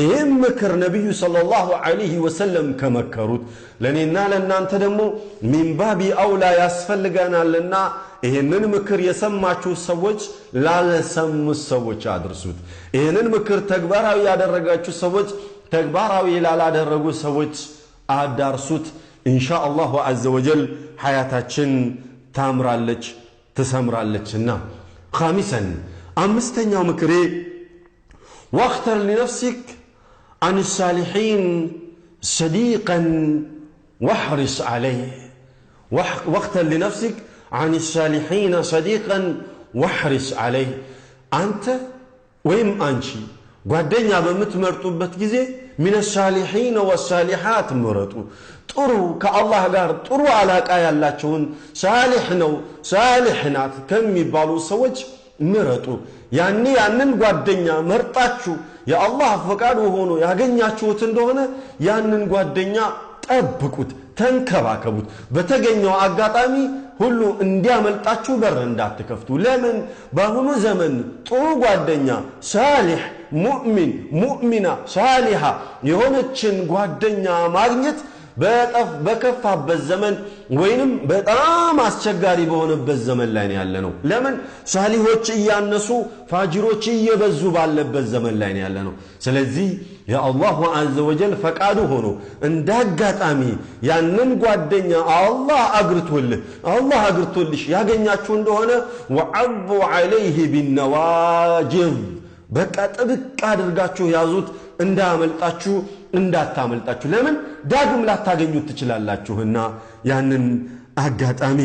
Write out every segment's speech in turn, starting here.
ይህም ምክር ነቢዩ ሰለላሁ ዐለይሂ ወሰለም ከመከሩት ለእኔና ለእናንተ ደግሞ ሚንባቢ አውላ ያስፈልገናልና ይህንን ምክር የሰማችሁ ሰዎች ላለሰሙት ሰዎች አድርሱት። ይህንን ምክር ተግባራዊ ያደረጋችሁ ሰዎች ተግባራዊ ላላደረጉ ሰዎች አዳርሱት። እንሻ አላሁ አዘ ወጀል ሐያታችን ታምራለች ትሰምራለችና። ኻሚሰን አምስተኛው ምክሬ ዋክተር ሊነፍሲክ عن الصالحين صديقا واحرص عليه واختر لنفسك عن الصالحين صديقا واحرص عليه انت ويم انشي قدن يا بمتمرتو بتجزي من الصالحين والصالحات مرتو طرو كالله قال طرو على كايا لا تشون صالح نو كم يبالو سوج ምረጡ። ያኔ ያንን ጓደኛ መርጣችሁ የአላህ ፈቃድ ሆኖ ያገኛችሁት እንደሆነ ያንን ጓደኛ ጠብቁት፣ ተንከባከቡት። በተገኘው አጋጣሚ ሁሉ እንዲያመልጣችሁ በር እንዳትከፍቱ። ለምን በአሁኑ ዘመን ጥሩ ጓደኛ ሳሊሕ፣ ሙእሚን፣ ሙእሚና፣ ሳሊሃ የሆነችን ጓደኛ ማግኘት በከፋበት ዘመን ወይንም በጣም አስቸጋሪ በሆነበት ዘመን ላይ ነው ያለ ነው። ለምን ሳሊሆች እያነሱ ፋጅሮች እየበዙ ባለበት ዘመን ላይ ነው ያለ ነው። ስለዚህ የአላሁ አዘ ወጀል ፈቃዱ ሆኖ እንደ አጋጣሚ ያንን ጓደኛ አላህ አግርቶልህ አላህ አግርቶልሽ ያገኛችሁ እንደሆነ ወዐቡ ዐለይህ ቢነዋጅብ በቃ ጥብቅ አድርጋችሁ ያዙት። እንዳመልጣችሁ እንዳታመልጣችሁ ለምን ዳግም ላታገኙት ትችላላችሁና ያንን አጋጣሚ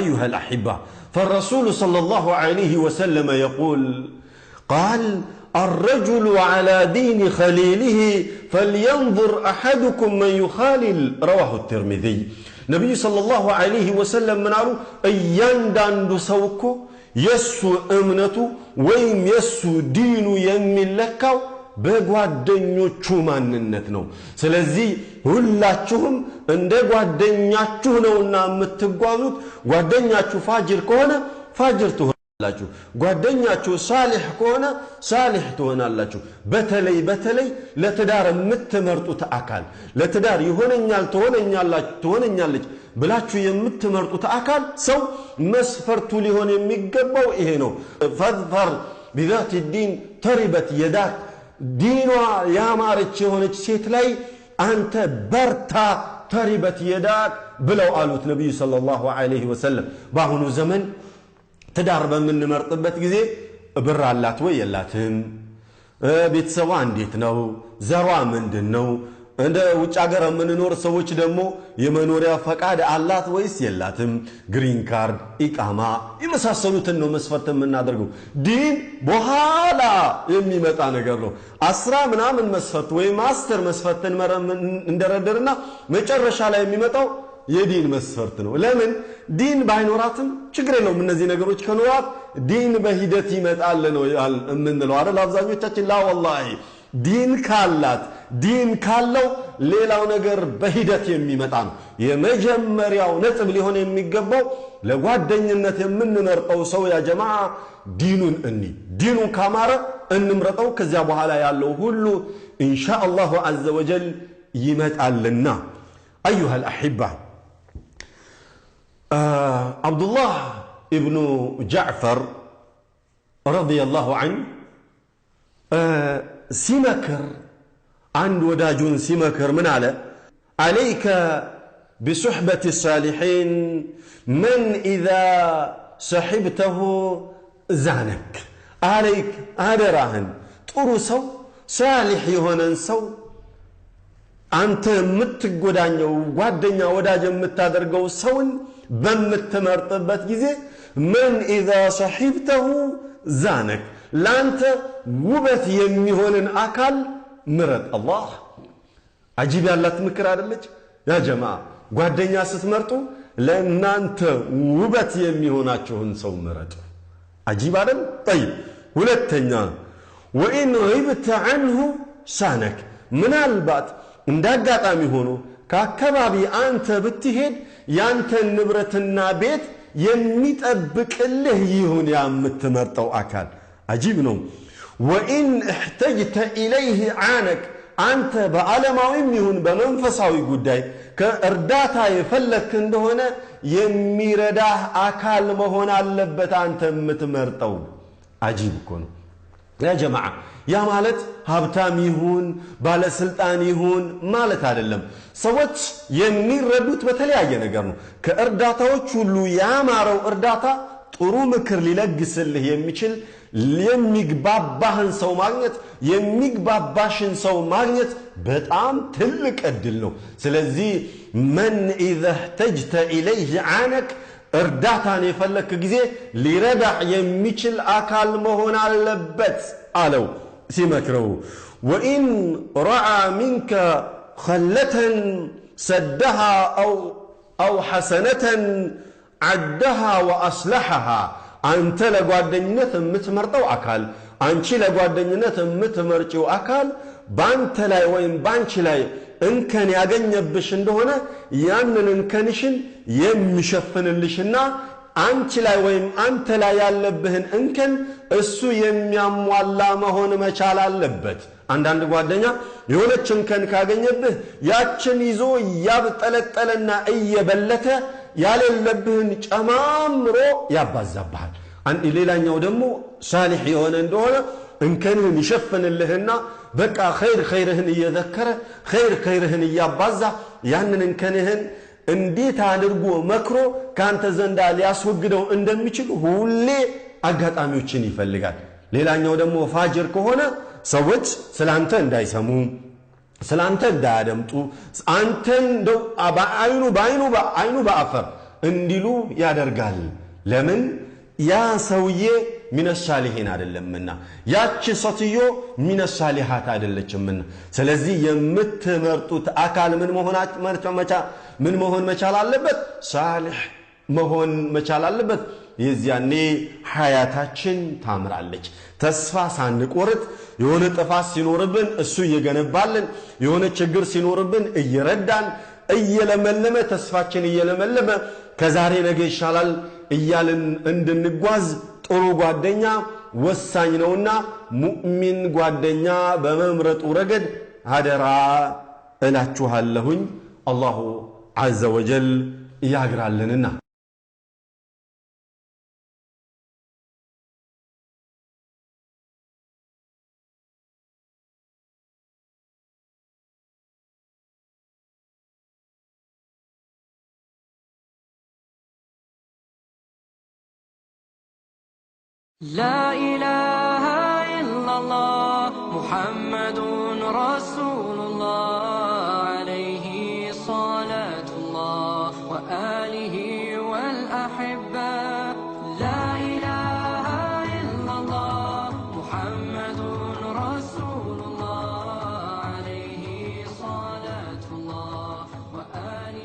أيها الأحبة فالرسول صلى الله عليه وسلم يقول قال الرجل على دين خليله فلينظر أحدكم من يخالل رواه الترمذي نبي صلى الله عليه وسلم من عرو أيان سوكو يسو أمنته ويم يسو دينو يمي لكاو በጓደኞቹ ማንነት ነው። ስለዚህ ሁላችሁም እንደ ጓደኛችሁ ነውና የምትጓዙት። ጓደኛችሁ ፋጅር ከሆነ ፋጅር ትሆናላችሁ። ጓደኛችሁ ሳሊሕ ከሆነ ሳሊሕ ትሆናላችሁ። በተለይ በተለይ ለትዳር የምትመርጡት አካል ለትዳር ይሆነኛል ትሆነኛለች ብላችሁ የምትመርጡት አካል ሰው መስፈርቱ ሊሆን የሚገባው ይሄ ነው። ፈዝፈር ቢዛት ዲን ተሪበት የዳክ ዲኗ ያማረች የሆነች ሴት ላይ አንተ በርታ ተሪበት የዳቅ ብለው አሉት ነቢዩ ሰለላሁ ዐለይሂ ወሰለም። በአሁኑ ዘመን ትዳር በምንመርጥበት ጊዜ ብር አላት ወይ የላትም፣ ቤተሰቧ እንዴት ነው፣ ዘሯ ምንድን ነው እንደ ውጭ ሀገር የምንኖር ሰዎች ደግሞ የመኖሪያ ፈቃድ አላት ወይስ የላትም? ግሪን ካርድ፣ ኢቃማ የመሳሰሉትን ነው መስፈርት የምናደርገው። ዲን በኋላ የሚመጣ ነገር ነው። አስራ ምናምን መስፈርት ወይም ማስተር መስፈርትን እንደረደርና መጨረሻ ላይ የሚመጣው የዲን መስፈርት ነው። ለምን ዲን ባይኖራትም ችግር የለውም። እነዚህ ነገሮች ከኖራት ዲን በሂደት ይመጣል ነው የምንለው አይደል? አብዛኞቻችን ላ ወላሂ ዲን ካላት ዲን ካለው ሌላው ነገር በሂደት የሚመጣ ነው። የመጀመሪያው ነጥብ ሊሆን የሚገባው ለጓደኝነት የምንመርጠው ሰው ያ ጀማ ዲኑን እኒ ዲኑ ካማረ እንምረጠው። ከዚያ በኋላ ያለው ሁሉ እንሻ አላሁ አዘ ወጀል ይመጣልና። አዩሃ ልአሕባ አብዱላህ ኢብኑ ጃዕፈር ረዲየላሁ አንሁ ሲመክር አንድ ወዳጁን ሲመክር ምን አለ አለይከ ቢሱሕበት ሳሊሒን መን ኢዛ ሰሒብተሁ ዛነክ አለይክ አደራህን ጥሩ ሰው ሳሊሕ የሆነን ሰው አንተ የምትጎዳኘው ጓደኛ ወዳጅ የምታደርገው ሰውን በምትመርጥበት ጊዜ መን ኢዛ ሰሒብተሁ ዛነክ ለአንተ ውበት የሚሆንን አካል ምረጥ። አላህ አጂብ ያላት ምክር አደለች? ያ ጀማ ጓደኛ ስትመርጡ ለእናንተ ውበት የሚሆናችሁን ሰው ምረጡ። አጂብ አደል? ጠይብ ሁለተኛ ወኢን ሪብተ አንሁ ሳነክ ምናልባት እንደ አጋጣሚ ሆኖ ከአካባቢ አንተ ብትሄድ ያንተ ንብረትና ቤት የሚጠብቅልህ ይሁን ያ የምትመርጠው አካል አጂብ ነው። ወኢን እሕተጅተ ኢለይህ ዓነክ አንተ በዓለማዊም ይሁን በመንፈሳዊ ጉዳይ ከእርዳታ የፈለክ እንደሆነ የሚረዳህ አካል መሆን አለበት አንተ የምትመርጠው። አጂብ እኮ ነው ያ ጀማዓ። ያ ማለት ሀብታም ይሁን ባለስልጣን ይሁን ማለት አይደለም። ሰዎች የሚረዱት በተለያየ ነገር ነው። ከእርዳታዎች ሁሉ ያማረው እርዳታ ጥሩ ምክር ሊለግስልህ የሚችል የሚግባባህን ሰው ማግኘት የሚግባባሽን ሰው ማግኘት በጣም ትልቅ እድል ነው። ስለዚህ መን ኢዘ እህተጅተ ኢለይህ አነክ እርዳታን የፈለክ ጊዜ ሊረዳ የሚችል አካል መሆን አለበት አለው ሲመክረው። ወኢን ረዓ ሚንከ ኸለተን ሰደሃ አው ሐሰነተን ዓደሃ ወአስለሐሃ አንተ ለጓደኝነት የምትመርጠው አካል አንቺ ለጓደኝነት የምትመርጪው አካል በአንተ ላይ ወይም በአንቺ ላይ እንከን ያገኘብሽ እንደሆነ ያንን እንከንሽን የሚሸፍንልሽና አንቺ ላይ ወይም አንተ ላይ ያለብህን እንከን እሱ የሚያሟላ መሆን መቻል አለበት። አንዳንድ ጓደኛ የሆነች እንከን ካገኘብህ ያችን ይዞ እያብጠለጠለና እየበለተ ያሌለብህን ጨማምሮ ያባዛብሃል። ሌላኛው ደግሞ ሳሊሕ የሆነ እንደሆነ እንከንህን ይሸፍንልህና በቃ ኸይር ኸይርህን እየዘከረ ኸይር ኸይርህን እያባዛ ያንን እንከንህን እንዴት አድርጎ መክሮ ከአንተ ዘንዳ ሊያስወግደው እንደሚችል ሁሌ አጋጣሚዎችን ይፈልጋል። ሌላኛው ደግሞ ፋጅር ከሆነ ሰዎች አንተ እንዳይሰሙ ስለ አንተ እንዳያደምጡ አንተን በአይኑ በአይኑ በአይኑ በአፈር እንዲሉ ያደርጋል። ለምን ያ ሰውዬ ሚነሳሊሄን አይደለምና ያቺ ሰትዮ ሚነሳሊሃት አይደለችምና። ስለዚህ የምትመርጡት አካል ምን መሆን መቻል አለበት? ሳሊሕ መሆን መቻል አለበት። የዚያኔ ሀያታችን ታምራለች። ተስፋ ሳንቆርጥ የሆነ ጥፋት ሲኖርብን እሱ እየገነባልን፣ የሆነ ችግር ሲኖርብን እየረዳን እየለመለመ ተስፋችን እየለመለመ ከዛሬ ነገ ይሻላል እያልን እንድንጓዝ ጥሩ ጓደኛ ወሳኝ ነውና ሙእሚን ጓደኛ በመምረጡ ረገድ አደራ እላችኋለሁኝ። አላሁ ዐዘ ወጀል ያግራልንና لا إله إلا الله محمد رسول الله عليه صلاة الله وآله